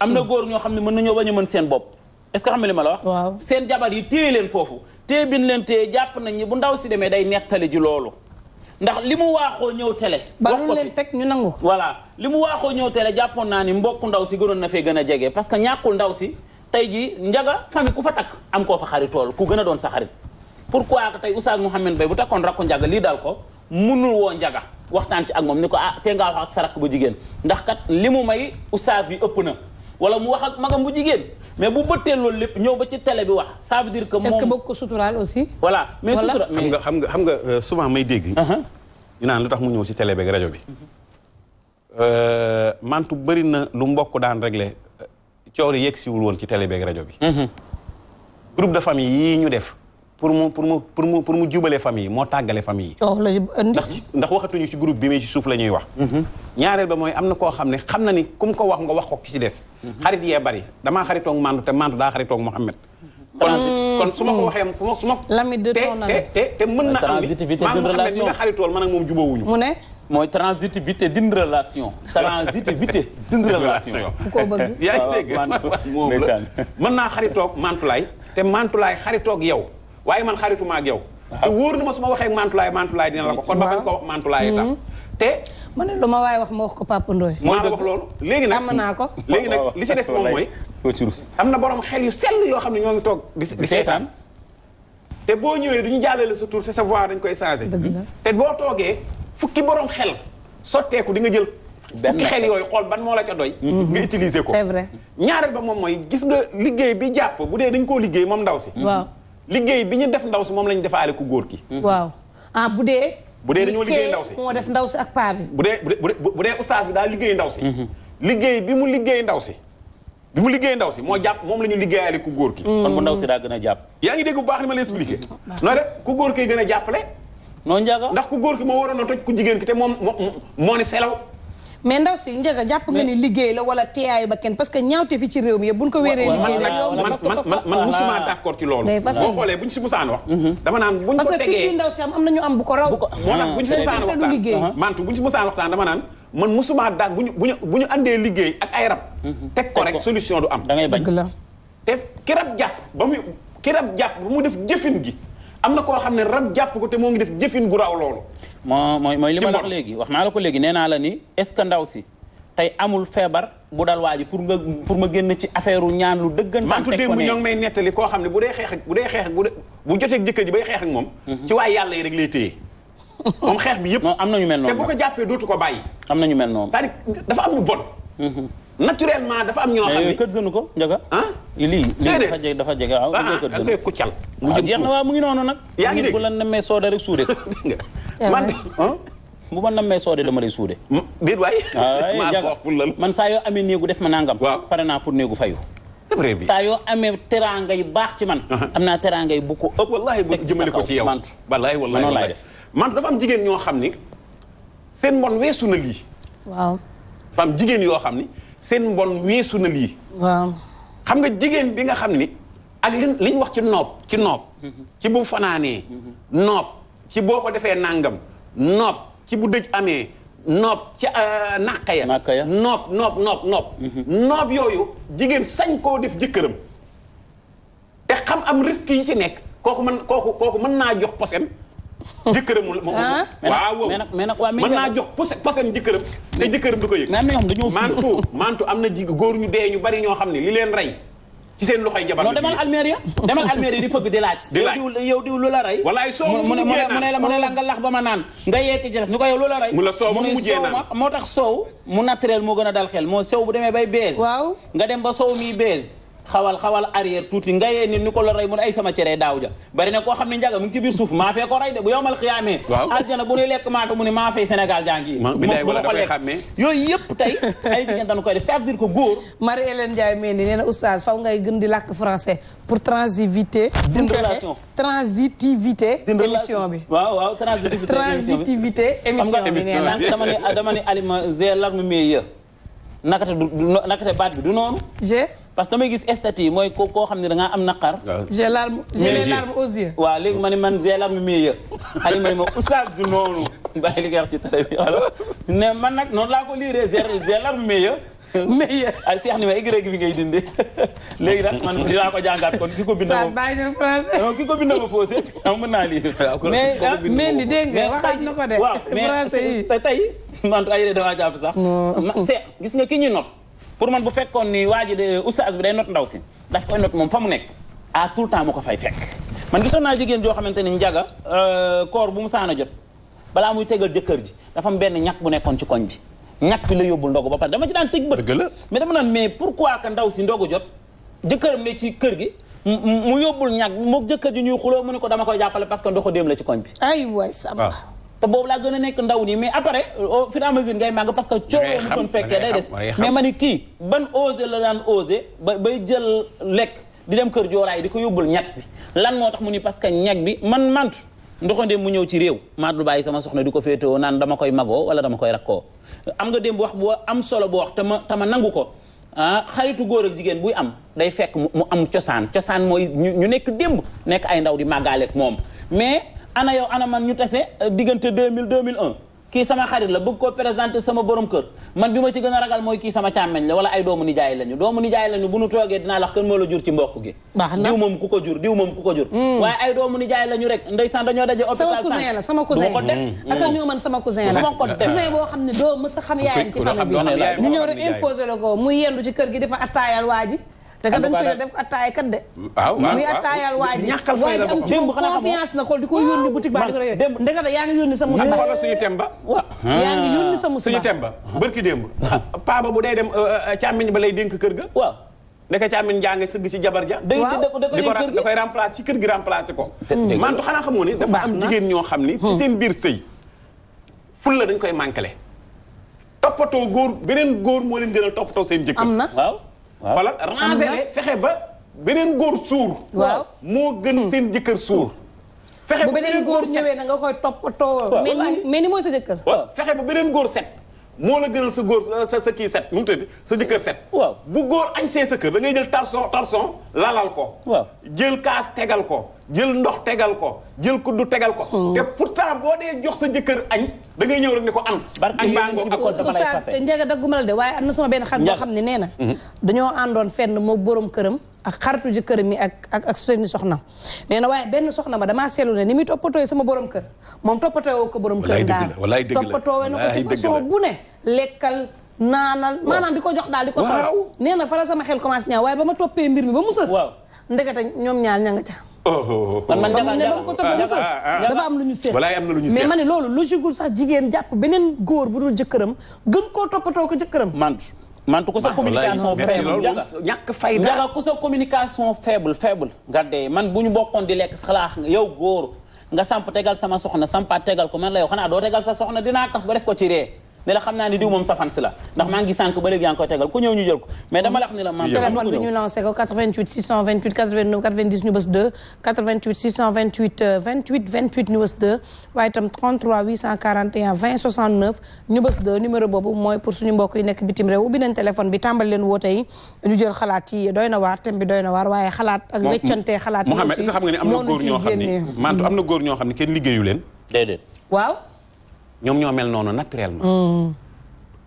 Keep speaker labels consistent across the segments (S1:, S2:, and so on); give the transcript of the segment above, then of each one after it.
S1: am na góor ñoo xam ne mën nañoo bañ a mën seen bopp est-ce que xam nga li ma la wax. waaw seen jabar yi téye leen foofu téye bin leen téye jàpp nañ ni bu ndaw si demee day nettali ji loolu. ndax li mu waaxoo ñëw télé. wax ko leen teg ñu nangu. voilà li mu waaxoo ñëw télé jàppoon naa ni mbokk ndaw si gënoon na fee gën a jege parce que ñàkkul ndaw si tey jii njaga famille ku fa takk am koo fa xarit tool ku gën a doon sa xarit. pourquoi que tey Oustaz Mouhamed Mbaye bu takkoon rakku njaga lii daal ko munul woo njaga waxtaan ci ak moom ni ko ah te ngaa wax ak sa rakk bu jigéen ndax kat li mu may oustaz bi ëpp na wala mu wax ak magam bu jigéen mais bu bëttee loolu lépp ñëw ba ci tele bi wax ça veut dire que moom est-ce que bëgg ko
S2: suturaal aussi. voilà mais suturaal xam
S1: nga xam nga xam nga euh, souvent may dégg. Uh-huh. ñu naan lu tax mu ñëw ci télé bi rajo bi. Uh-huh. Euh, mantu bëri na lu mbokk daan réglé euh, coow li yegg siwul woon ci télé bi rajo bi. Uh-huh. groupe de famille yii ñu def. pour mu pour mu pour mu pour mu jubalee famille moo tàggale famille yi oh, ndax ndax waxatuñu ci groupe bi mais ci suuf la ñuy wax mm-hmm. ñaareel ba mooy am na koo xam ne xam na ni ku mu ko wax nga wax ko ki ci des mm-hmm. xarit yee bari damaa xaritoog mandu te mandu daa xaritoog Mouhamed mm-hmm.
S3: kon kon su ma ko waxee
S1: su ma te te te mën na am Mouhamed mi nga xaritool man ak moom jubawuñu mu ne mooy transitivité d'une relation. transitivité d'une relation. ku ko bëgg yaa ngi dégg mën naa xaritoog mantulaay te mantulaay xaritoog yow waaye man xarituma ak yow te wóor na ma su ma waxee mantulaay mantulaay dina la ko kon ma bañ ko wax mantulaay mm-hmm.
S2: te ma ne lu ma waaye wax ma wax ko Papa Ndoye maa wax loolu
S1: léegi nag naa ko léegi nag li si des moom mooy am na
S2: borom xel yu sell yoo xam ne ñoo ngi toog di seetaan
S1: te boo ñëwee du ñu jàllale sa tur sa voix dañ koy changé mm-hmm. te boo toogee fukki boroom xel sotteeku di nga jël fukki xel yooyu xool ban moo la ca doy mm-hmm. nga utiliser ko c'est vrai ñaareel ba moom mooy gis nga liggéey bi jàpp bu dee dañ koo liggéey moom ndaw si liggéey bi ñu def ndaw si moom la ñu ale ku góor ki. Mhm. waaw
S2: ah bu dee. bu dee
S1: dañoo liggéey ndaw si moo
S2: def ndaw si ak paa bi.
S1: bu dee bu dee ustaas bi daal liggéey ndaw si. Mhm. liggéey bi mu liggéey ndaw si. mu liggéey ndaw si moo jàpp moom la ñu liggéeyaale ku góor ki. Mhm. kon bu ndaw si daa gën a jàpp. yaa ngi dégg bu baax li ma la expliqué. noo def ku góor ki gën a jàppale. noonu njaaga ndax ku góor ki moo waroon a toj ku jigéen ki te moom moo ne selaw
S2: mais ndaw si njëga jàpp nga ni liggéey la wala teeyaayu ba kenn parce que ñaawte fi ci réew mi yëpp buñ ko wéeree liggéey la yow man man musuma
S1: d'accord mhm. ko tegee
S2: bu ko raw moo tax buñ si musaan waxtaan uh-huh.
S1: mantu buñ si musaan waxtaan dama naan man musuma bu ñu andee liggéey ak ay rab mhm. teg ko rek solution du am dangay ngay bañ te ki rab jàpp ba mu ki jàpp ba mu def jëfin gi am na koo xam ne rab jàpp ko te moo ngi def jëfin gu raw loolu moo mooy mooy li ma la léegi wax naa la ko léegi nee naa la ni est-ce que ndaw si tey amul feebar bu dal waa pour nga pour ma génn ci affaire ñaan lu dëggantaan teg ko ne may nettali koo xam ne bu dee xeex bu dee xeex ak bu dee bu jotee bay xeex ak moom mhm. ci waay yàlla yi rek bi yëpp am nañu mel noonu te ko jàppee dootu ko bàyyi am nañu mel noonu c'est-à-dire dafa am lu bon mhm. naturellement dafa am ñoo xam ne ko njaga lii lii dafa jege dafa jege waaw kër sënu ku cal jeex na waaw ngi noonu nag yaa ngi dégg bu la nemmee sooda rek suude Ah, man bu ma nammee soodee dama lay suude. biir hmm? waay. Ah, maa la man saa yoo amee néegu def ma nangam. pare naa pour néegu fayu. saa yoo teraanga yu baax ci man. Uh-huh. am naa teraanga yu bu ko ëpp. wallaahi bu jëmale ko ci yow mantu wallaahi wallaahi noonu def mantu dafa am jigéen ñoo xam ni seen mbon weesu na lii. waaw jigéen yoo xam ni seen mbon weesu na lii. xam nga jigéen bi nga xam ni ak liñ wax ci noob ci noob. Mm-hmm. ci bu fanaanee mm-hmm. noob. ci boo ko defee nangam nopp ci bu dëj amee nopp ci euh, naq ya nopp nopp nopp nopp mhm. nopp yooyu jigéen sañ koo def jëkkëram te xam am risque yi ci nekk kooku mën kooku kooku mën naa jox posen jëkkëram mu ah. waaw mais nag waaw mën naa jox pos posen jëkkëram te jëkkëram du ko yëg mantu mantu am na ji góor ñu dee ñu bari ñoo xam ne li leen rey ci seen loxoy jabar non demal Almeria demal Almeria di fëgg di laaj yow diw lu la rey walaay soo mu ne la nga lax ba ma naan nga yeeki ci des ñu ko yow lu la rey mu la soow mu mujjee naan moo tax soow mu naturel moo gën a dal xel moo sew bu demee bay bees waaw nga dem ba soow mi bees xawal xawal arrière tuuti ngayee nit ñu ko la rey mun ay sama cere daaw ja bari na koo xam ne njaga mu ci biir suuf maa ko rey de bu yowmal xiyaamee aljana bu nuy lekk maaka mu ne Sénégal jàngi yi bu ma
S2: ko lekk faw ngay gën di làkk français pour transitivité d'une relation transitivité émission bi waaw waaw transitivité émission bi nee na dama
S1: ne dama ne alima g nakate baat bi du noonu g parce que damay gis statut yi mooy koo xam ne da am naqar.
S2: j'ai larme j'ai les larmes aux
S1: yeux. waaw léegi du noonu bàyyi li ci télé man nag noonu laa ko liiree j'ai larme mes yeux mais ay seex ni ma égré bi dindi léegi nag man dinaa ko jàngaat kon ki ko bind ma non ki ko bind ma faussé am mën naa lire na ko de waaw mais tey man ay dee damaa jàpp sax seex gis nga ñu not pour man bu fekkoon ni waa ji de oustaz bi day not ndaw si daf koy not moom fa mu nekk à tout le temps mu ko fay fekk man gisoon naa jigéen joo xamante ni njaga euh, koor bu mu saan a jot balaa muy tegal jëkkër ji dafa am benn ñàkk bu nekkoon ci koñ bi ñàkk bi la yóbbul ndogu ba pare dama ci daan tëj bët mais dama naan mais pourquoi que ndaw si ndogu jot jëkkëram ne ci kër gi mu yóbbul ñàkk mook jëkkër ji ñuy xuloo mu ne ko dama koy jàppale parce que ndoxu déem la ci koñ bi ay te boobu laa gën a nekk ndaw nii mais après euh, au fur et à mesure ngay màgg parce que coowee mu son fekkee day des mais ma ni kii ban ose la daan osé ba bay jël lekk di dem kër joolaay di ko yóbbul ñag bi lan moo tax mu ni parce que ñag bi man mantu ndoxande mu ñëw ci réew maa du bàyyi sama soxna di ko féetewoo naan dama koy magoo wala dama koy rakkoo am nga démb wax bu am solo boo wax te ma te nangu ko ah xaritu góor ak jigéen buy am day fekk mu am cosaan cosaan mooy ñu nekk démb nekk ay ndaw di màggaaleeg moom mais ana yow ana man ñu tase euh, diggante 2000 2001 kii sama xarit la bëgg koo présenté sama borom kër man bi ma ci gën a ragal mooy kii sama càmmeñ la wala ay doomu nijaay lañu doomu la jur ci mbokk gi diw moom ku ko moom ku ko jur hmm. waaye ay doomu nijaay lañu rek ndeysaan dañoo daje
S2: hôpital sama cousin la sama cousin ko def hmm. sama cousin la ko cousin boo xam ne doo mës a xam yaayam ci famille bi ñu la ko muy yendu ci kër gi dafa attaayal waa ji te kat dañ koy def attaaya kat de. waaw waaw muy attaayaal waa ji. ñàkkal fay la ko na xool di ko yaa ngi sa musu. xoolal suñu temba. waaw ah.
S1: yaa ngi yónni sa musu bu day dem euh, euh, càmmiñ ba lay dénk kër ga. waaw ndeke càmmiñ jaa nga sëgg si jabar ja. day di ko da koy remplacer si kër gi remplacer ko. mantu xanaa xamoo ne dafa am ñoo xam ni. ci hmm. seen biir sëy fulla dañ koy manqué toppatoo góor beneen góor moo leen gën a toppatoo seen jëkkër am na xoolal rangele fexe ba beneen góor suur waaw moo gën seen jëkkër suur
S2: fexe ba beneen góor ñëwee na nga koy toppatoo mais ni mooy sa jëkkër
S1: fexe ba beneen góor set moo la gënal sa góor sa sa kii set nu mu tëdd sa jëkkër set. waaw bu góor añ see sa kër da ngay jël tarson tarson lalal ko. waaw jël kaas tegal ko. jël ndox tegal ko jël kuddu tegal ko. Oh. te pourtant boo dee jox sa jëkkër añ. da ngay ñëw rek ne ko am. añ baa ngoog ak oustaz
S2: njëga dagguma la de waaye am na sama benn xar boo xam ne nee na. Mm-hmm. dañoo àndoon fenn moo borom këram. ak xaritu jëkkëram mi ak ak ak soxna nee na waaye benn soxna ma damaa seetlu ne ni muy toppatoo sama borom kër moom toppatoo ko borom kër daal toppatoo na ko ci façon bu ne lekkal naanal maanaam di ko jox daal ko sol nee na fala sama xel commencé waaye ba ma toppee mbir mi ba mu sës ndekete ñoom ñaar ña nga ca
S3: oh, oh, oh, man man ne ba ko toppee mu ah, ah, ah. dafa am lu ñu seet walaay am na lu ñu seet mais ma
S2: loolu lu jigul sax jigéen jàpp beneen góor bu dul jëkkëram gën koo toppatoo ko jëkkëram
S1: mantu ko sa communication faible njaga ñàkk fayda njaga ku sa communication faible faible nga dee man bu ñu bokkoon di lekk xalaax nga yow góor nga samp tegal sama soxna sampaat tegal ko man la yow xanaa doo tegal sa soxna dinaa kaf ba def ko ci ree ne la xam naa ni diw moom sa fan si la ndax maa ngi sànk ba léegi yaa ngi koy tegal ku ñëw ñu jël ko mais dama la ni la man téléphone bi ñu
S2: lancé ko 88 628 89 90 ñu bës 2 88 628 28 28 ñu bës mooy pour suñu mbokk yi nekk bitim réew ubbi nañ téléphone bi tàmbali leen woote yi ñu jël xalaat yi doy na waar thème doy na waar waaye xalaat ak xalaat yi aussi Mouhamed est-ce que ne
S1: am na góor ñoo xam ne am na góor ñoo xam ne kenn liggéeyu leen déedéet waaw ñoom ñoo mel noonu naturellement.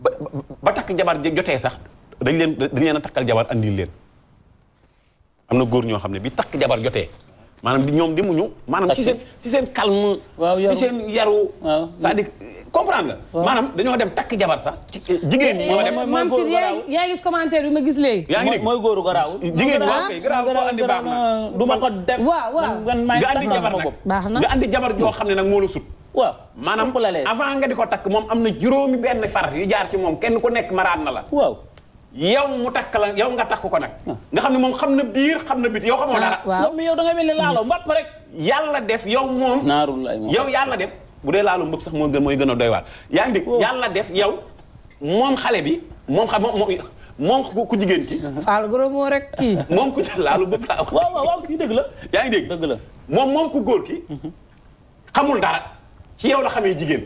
S1: ba ba takk jabar jotee sax dañ leen dañ a takkal jabar andil leen. am na góor ñoo xam ne bi takk jabar jotee maanaam di ñoom di mu ñu ci seen ci seen calme. ci seen yaru. waaw c'est-à-dire comprendre nga. maanaam dañoo dem takk jabar sax. jigéen ñi moo dem mooy góoru garaaw
S2: yaa ngi gis commentaire bi ma gis léegi. yaa ngi mooy
S1: góoru garaaw. jigéen ñi waaw kay garaaw koo andi baax na
S2: du ma ko def. waaw waaw nga
S1: andi jabar nag na nga jabar joo xam ne nag moo la sut. waaw maanaam ku la avant nga di ko takk moom am na juróomi benn far yu jaar ci moom kenn ku nekk maraat na la waaw yow mu takk la yow nga takk ko nag ah. nga xam ne xam na biir xam na bit yow xamoo ah, dara waaw mais yow da nga mel ni laaloo mbàpp yàlla def yow moom naarul lay yow yàlla def bu dee laaloo mbëpp sax moo gën mooy gën a doy yaa ngi dégg oh. yàlla def yow moom xale bi moom xam moom moom ku jigéen ki faal goro moo rek kii moom ku laalu bëpp laa waaw waaw si dëgg la yaa ngi dëgg la moom moom ku góor ki mhm. xamul dara ci yow la xamee jigéen.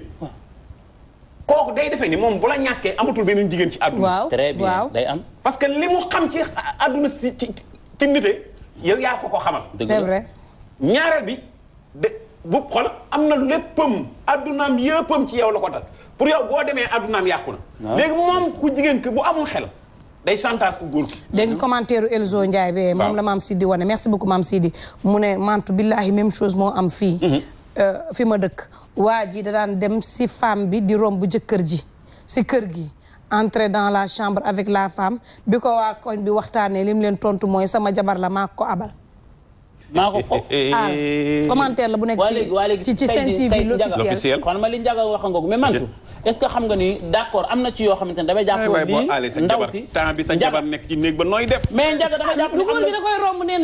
S1: kooku day defee ni moom bu la ñàkkee amatul beneen jigéen ci àdduna. waaw très bien am. parce que li mu xam ci àdduna si ci ci nite yow ko ko xamal. c'est vrai ñaareel bi de bu xol am na léppam àddunaam yëppam ci yow la ko dal pour yow boo demee àddunaam yàqu na. Ah, léegi
S2: moom ku jigéen ki bu amul xel.
S1: day chantage ku góor ki.
S2: dégg nga commentaire Elzo Ndiaye bee. moom la maam Sidi wane merci beaucoup maam Sidi mu ne mantu billahi même chose moo am fii. Mm-hmm. Euh, fi ma dëkk waa ji da daan dem si femme bi di romb jëkkër ji si kër gi entrer dans la chambre avec la femme bi ko waa koñ bi waxtaanee lim leen tontu mooy sama jabar la maa ko abal.
S1: maa ko ko ah commentaire la bu nekk. ci ci Sen TV l'officiel kon ma li Ndiaga wax nga ko mantu est-ce que xam nga ni d'accord am na ci yoo xamante ne damay jàpp lii ndaw si temps bi sa jabar nekk ci néeg ba nooy def mais njaga damay jàpp góor gi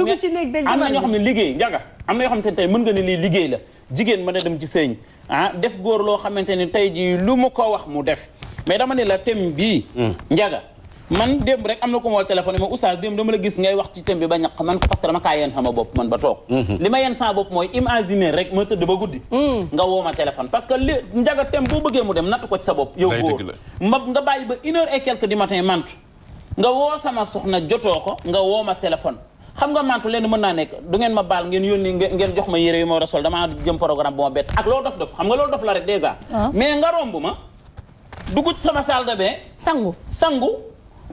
S1: na ci
S4: am
S1: liggéey njaga am yoo xamante ne tey mën nga ni lii liggéey la jigéen mën a dem ci seen ah def góor loo xamante ni tey ji lu mu ko wax mu def mais dama ne la thème bii hmm. njaga man démb rek am na ko ma téléphone yi ma oustaz démb dama la gis ngay wax ci thème bi ba ñaq man parce que dama kaa yenn sama bopp man ba toog mhm. li ma yenn sama bopp mooy imaginer rek ma tëdd ba guddi mhm. nga woo téléphone parce nga mantu nga sama soxna jotoo ko nga woo ma téléphone xam nga mantu leen mën naa nekk du ngeen ma baal ngeen yónni ngeen jox ma yére yu ma war a sol damaa jëm programme bu ma bett ak loolu dof dof xam nga loolu dof la rek dèjà ah. mais nga romb ma dugg ci sama salle de bain sangu sangu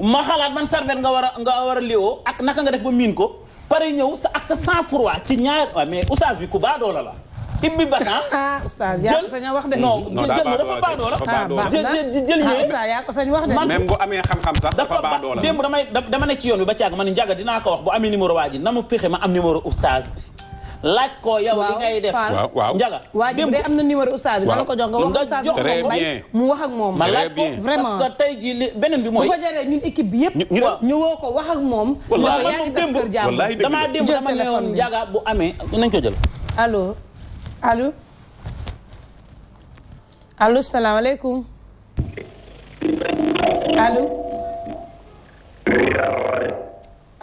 S1: ma xalaat man sarbet nga war a nga war a lioo ak naka nga def ba miin ko pare ñëw sa ak sa sang-froid ci ñaar waaw mais oustaz bi ku baadoola la ibbi batan ah oustaz yaa ko sañ a wax de non jël na dafa baadoola ah, jël ah, oustaz
S2: ko wax de même bu
S1: amee xam-xam sax dafa baadoola démb damay dama ne ci yoon bi ba caag man njaga dinaa ko wax bu amee numéro waa ji na ma fexe ma am numéro oustaz bi laaj ko yow li waaw waaw njaga waa ji de am
S2: na numéro oustaz bi dana ko jox nga wax mu wax ak moom ma laaj ko vraiment tey ji li beneen bi mooy bu ko jaree ñun équipe bi yëpp ñu woo ko wax ak moom wala yaa ngi tas kër jàmm damaa démb dama ne woon bu amee nañ ko jël allo allo allo salaamaaleykum allo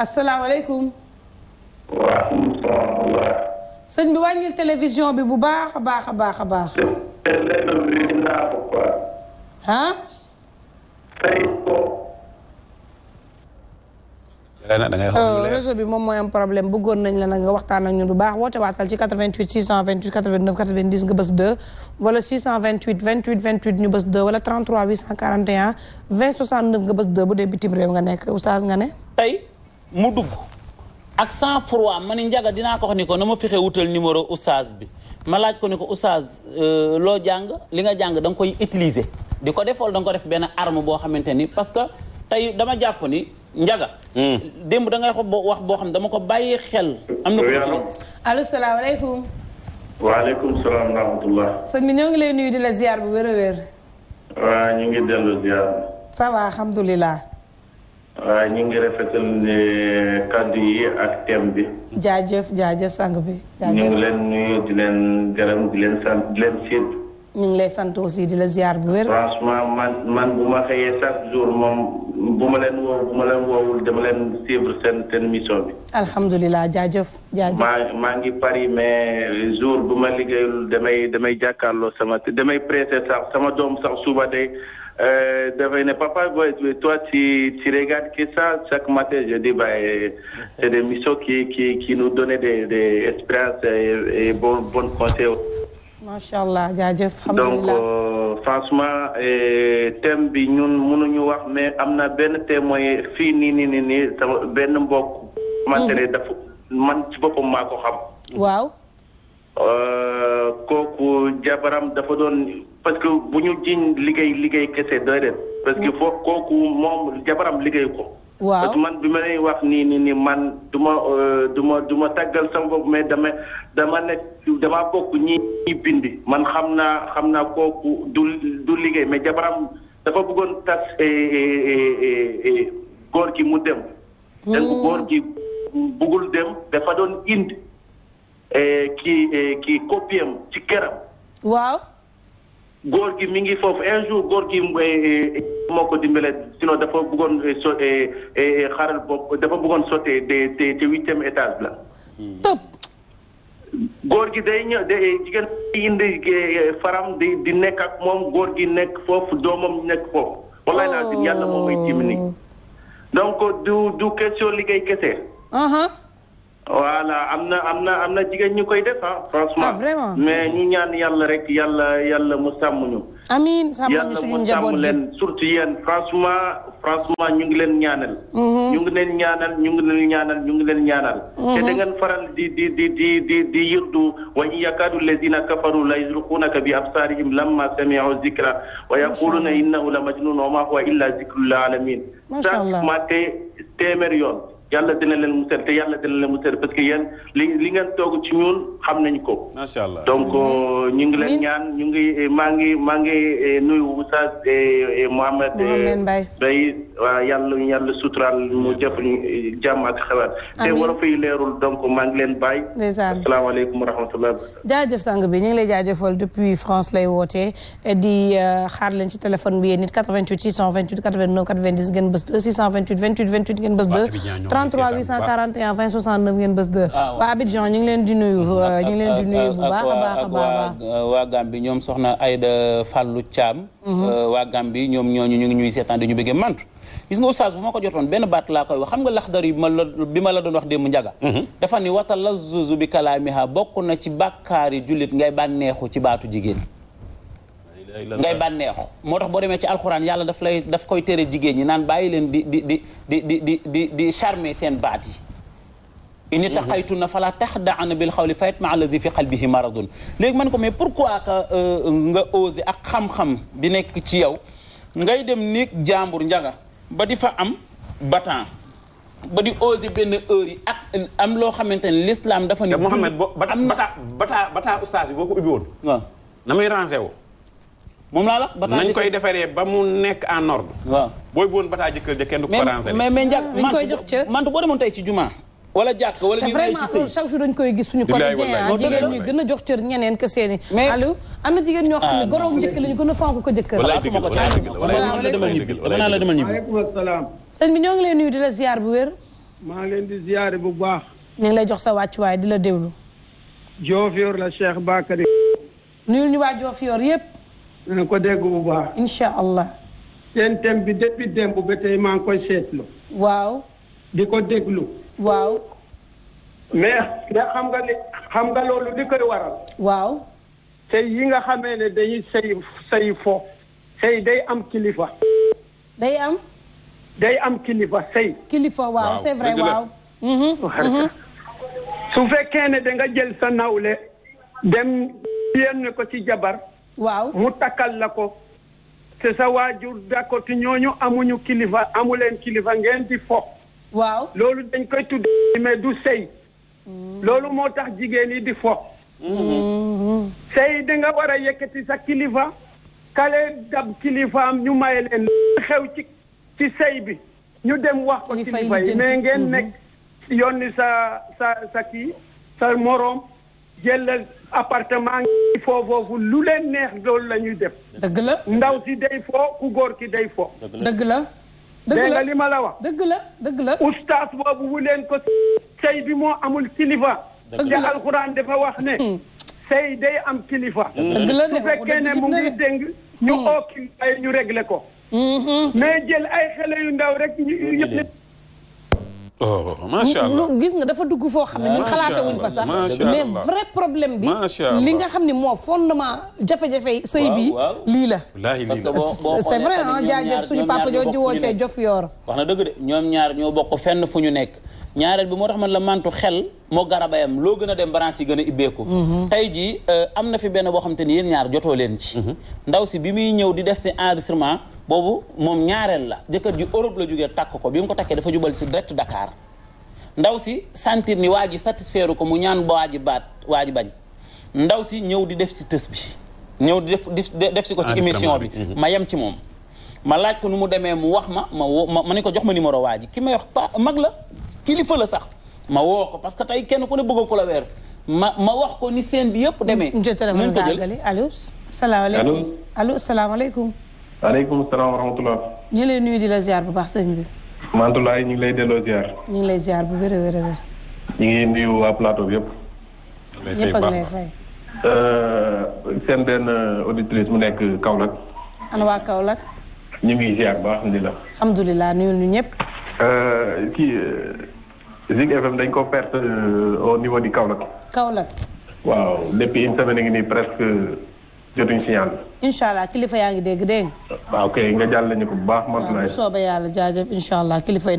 S2: asalaamaaleykum
S3: wa rahmatulah
S2: sëñ bi wàññil télévision bi bu baax a baax a baax a baax. ah. réseau bi moom mooy am problème bëggoon nañ la nag nga waxtaan ak ñun bu baax woote waatal ci 88 628 89 90 nga bës 2 wala 628 28 28 ñu bës 2 wala 33 841 20 69 nga bës 2 bu dee bitim réew nga nekk oustaz nga ne. tey mu dugg. ak sans froid ma ni njaga dinaa ko wax
S1: ni ko na ma fexe wutal numéro oustaz bi ma laaj ko ni ko oustaz euh, loo jàng li nga jàng da nga koy utiliser di ko defool wala ko def benn arme boo xamante ni parce que tey dama jàpp ni njaga hmm. démb da ngay xob wax boo xam dama ko bàyyi xel am na ko ci
S2: allo salaamaaleykum
S3: waaleykum salaam wa rahmatullah
S2: sëñ bi ñoo ngi lay nuyu di la ziar bu wér a wér
S3: waa ñu ngi dellu ziar
S2: ça va alhamdulilah
S3: waaw ñu ngi rafetal euh, kàddu yi ak thème bi.
S2: jaajëf jaajëf sang bi. jaajëf ñu leen nuyu
S3: di leen gërëm leen sant di siit.
S2: ñu ngi lay sant aussi di la ziar bu wér.
S3: franchement man man bu ma xëyee chaque jour moom bu ma leen woo bu ma woowul dama leen seen seen mission bi.
S2: alhamdulilah jaajëf. jaajëf
S3: maa maa ngi Paris mais jour bu ma liggéeyul damay damay jàkkaarloo sama damay pressé sax sama doom sax suba day. euh, devenir papa. Ouais, toi, tu, tu, regardes que ça. Chaque matin, je dis, bah, euh, c'est des missions qui, qui, qui nous donnaient des, des expériences bon, bon conseils.
S2: macha allah jaajëf. donc
S3: euh, franchement euh, thème bi ñun mënuñu wax mais am na benn témoin fii nii nii nii sama benn mbokk. xamante mm. ne man ci boppam maa ko xam. Euh, kooku jabaram dafa doon parce que bu ñu jiñ liggéey liggéey kese doy leen. parce que mm. foo kooku moom jabaram liggéey ko. waaw parce que man bi ma lay wax nii nii nii man du euh, ma du ma du ma tàggal sama bopp mais dama dama ne dama bokk ñi bindi man xam naa xam naa kooku du du liggéey mais jabaram dafa bëggoon tas eh, eh, eh, góor gi mu dem. Mm. te góor gi bëggul dem dafa doon indi. kii eh, kii eh, copie ci këram. waaw. góor gi mu ngi foofu un jour góor gi eh, moo ko dimbale sinon dafa bëggoon so xaaral bopp dafa buggoon sauter de te te huitième étage la. tëb. góor gi day ñëw day jigéen di indi faram di di nekk ak moom góor gi nekk foofu doomam nekk foofu. wallaay naa si yàlla moom mooy dimbali. Oh. donc du du question liggéey kese. Uh-huh. voilà am na am na am na jigéen ñu koy def ah. franchement ah vraiment mais ñu ñaan yàlla rek yàlla yàlla mu sàmm ñu.
S2: amiin sàmm ñu suñu njaboot gi yàlla mu sàmm
S3: leen surtout yéen franchement franchement ñu ngi leen ñaanal. Mm-hmm. ñu ngi leen ñaanal ñu ngi leen ñaanal ñu ngi leen ñaanal. te mm-hmm. da ngeen faral di di di di di di yurdu wa in yakaadu lazina kafaru la yuzliquunaka bi absaarihim lamma sami'u zikra wa yaquluna innahu la majnun wa ma huwa illa zikrul alamin. macha allah téeméer yoon. yàlla dina leen musal te yàlla dina leen musal parce que yéen li li ngeen toog ci ñun xam nañ ko. donc euh, ñu ngi leen ñaan ñu ngi euh, maa ngi maa ngi euh, nuyu Oustaz Mouhamed Mbaye Mbaye waaw yàlla yàlla suturaal mu jëf jàmm ak xalaat. amiin te wolof yi leerul donc maa ngi leen bàyyi. ndeysaan asalaamaaleykum wa rahmatulah.
S2: sang bi ñu ngi lay jaajëfal depuis France lay wootee di xaar leen ci téléphone bi yéen nit 88 628 89 90 ngeen bës 2 628 28 28 ngeen bës 2. 33 841 20 69 ngeen bés ah, waa Abidjan ñu ngi leen di nuyu. ñu ngi leen di nuyu bu baax a baax a baax
S1: euh, waa Gambie ñoom soxna Aïda Fallou Thiam. Mhm. Euh, waa Gambie ñoom ñooñu ñu ngi ñuy seetaan di ñu bëggee mantu. gis nga oustaz bu ma ko jotoon benn baat laa koy wax xam nga laxdar yi ma la bi ma la doon wax démb njaga mhm. dafa ni wata la zuzu bi kalaamiha bokk na ci bàkkaari jullit ngay bànneexu ci baatu jigéen ngay bànneexu moo tax boo demee ci alxuraan yàlla daf lay daf koy tere jigéen ñi naan bàyyi leen di di di di di di di di charmer seen baat yi ini mhm. taqaytu na fala taxdaana bil xawli fayet ma allazi fi qalbihi maradun léegi man ko mais pourquoi que euh, nga osé ak xam-xam bi nekk ci yow ngay dem néeg jàmbur njaga ba di fa am batan ba di osé benn heure ak am loo xamante ne l'islam dafa ne Mohamed boo bataa bataa bataa ustaas bi boo ko ubbi woon na muy rangé moom laa la bataa nañ koy defaree ba mu nekk en ordre. waaw booy boon bataa jëkkër ja kenn du ko ranger. mais mais njàkk man jox cër man boo demoon tey ci jumaa. wala jàkk wala ñu lay ci koy gis suñu quotidien ah, jigéen ñuy
S2: gën a jox cër ñeneen que ah, gën a fonk ko jëkkër la
S3: demal ñibbi dama naa la demal ñibbi waaleykum
S4: salaam
S2: sëñ bi ñoo ngi lay nuyu di la ziar bu wér
S4: maa leen di ziar bu baax
S2: ñu ngi lay jox sa wàcc wàccuwaay di la déglu
S4: Diofior la Cheikh Bakary nuyul ñu waa yoor yépp dana ko dégg bu baax. incha allah. seen thème bi depuis démb ba tey maa ngi koy seetlu. waaw. di ko déglu. waaw. mais xam nga li xam nga loolu li koy waral. waaw. sëy yi nga xamee ne dañuy sëy sëy fo. sëy day am kilifa. day am. day am kilifa sëy. kilifa waaw c'est waaw. Mhm, mhm. su fekkee ne danga jël sa nawle dem yéen ko ci jabar. waaw mu takkal la ko te sa waajur dako ti ñooñu amuñu kilifa amuleen kilifa ngeen di fo waaw loolu dañ koy tudd mais du sëy mm. loolu moo tax jigéen yi di fo mm-hmm. sëy da nga war a yëkkati sa kilifa kale dab kilifaam ñu maye leen xew ci ci sëy bi ñu dem wax ko kilifa yi mais ngeen mm-hmm. nekk yónni sa sa sa kii sa moroom jël leen appartement yi foo foofu lu leen neex loolu la ñuy def. dëgg la ndaw si day fo ku góor ki day fo. dëgg la dëgg la li ma la wax. dëgg la dëgg la. ustaas boobu bu leen ko sey bi moo amul kilifa. dëgg la te alxuraan dafa wax ne. Hmm. sëy day am kilifa. dëgg la su fekkee ne mu ngi dégg. ñu hmm. oo kilifa yi ñu réglé ko. Hmm, mais jël ay xale yu ndaw rek ñu yëpp.
S1: Oh, macha allah
S2: gis nga dafa dugg foo xam ne ñun xalaate wuñ fa sax mais vrai problème bi li nga xam ni moo fondement jafe-jafe sëy bi lii la
S1: parce que c'est vrai ah jaajëf suñu papa jooju woo cee jof yoor wax na dëgg de ñoom ñaar ñoo bokk fenn fu ñu nekk ñaareel bi moo tax ma la mantu xel moo garabayam loo gën a dem branche yi gën a ibbeeku mhm. tey ji euh, am na fi benn boo xam te ni yéen ñaar jotoo leen ci mhm. ndaw si bi muy ñëw di def si enregistrement boobu moom ñaareel la jëkkër ji Europe la jógee takk ko bi mu ko takkee dafa jubal si direct dakaar ndaw si sentir ni waa yi satisfaire ko mu ñaan ba waa ji baat waa ji bañ ndaw si ñëw di def si tës bi ñëw di def def si ko ci émission bi mhm. ma yem ci moom ma laaj ko nu mu demee mu wax ma ma woo ma ne ko jox ma numéro waa ji ki may wax pa mag la kilifa la sax ma woo ko parce que tey kenn ku ne bëgg ko la weer
S2: ma ma wax ko ni seen bi yëpp demee. mën ko jël jotee na ma gàggale allo salaamaaleykum allo salaamaaleykum.
S3: waaleykum salaam wa rahmatulah.
S2: ñu lay nuyu di la ziar bu baax sëñ bi.
S3: Mantoulaye ñu ngi lay delloo ziar.
S2: ñu ngi lay ziar bu wér a wér a wér.
S3: ñu ngi nuyu waa plateau bi yëpp. ñëpp ak lay fay. Euh, seen benn auditrice mu nekk Kaolack.
S2: ana waa Kaolack.
S3: ñu ngi ziar bu baax alhamdulilah.
S2: alhamdulilah nuyu ñu ñëpp.
S3: Euh, kii euh, Zik FM dañ ko perte au niveau di Kaolack. Kaolack. waaw depuis une semaine ngi nii presque. jotuñ signal.
S2: incha allah kilifa yaa ngi dégg dégg
S3: waaw kay nga ah, jàll nañu ko bu baax. mën naa
S2: yàlla jaajëf incha allah kilifa yi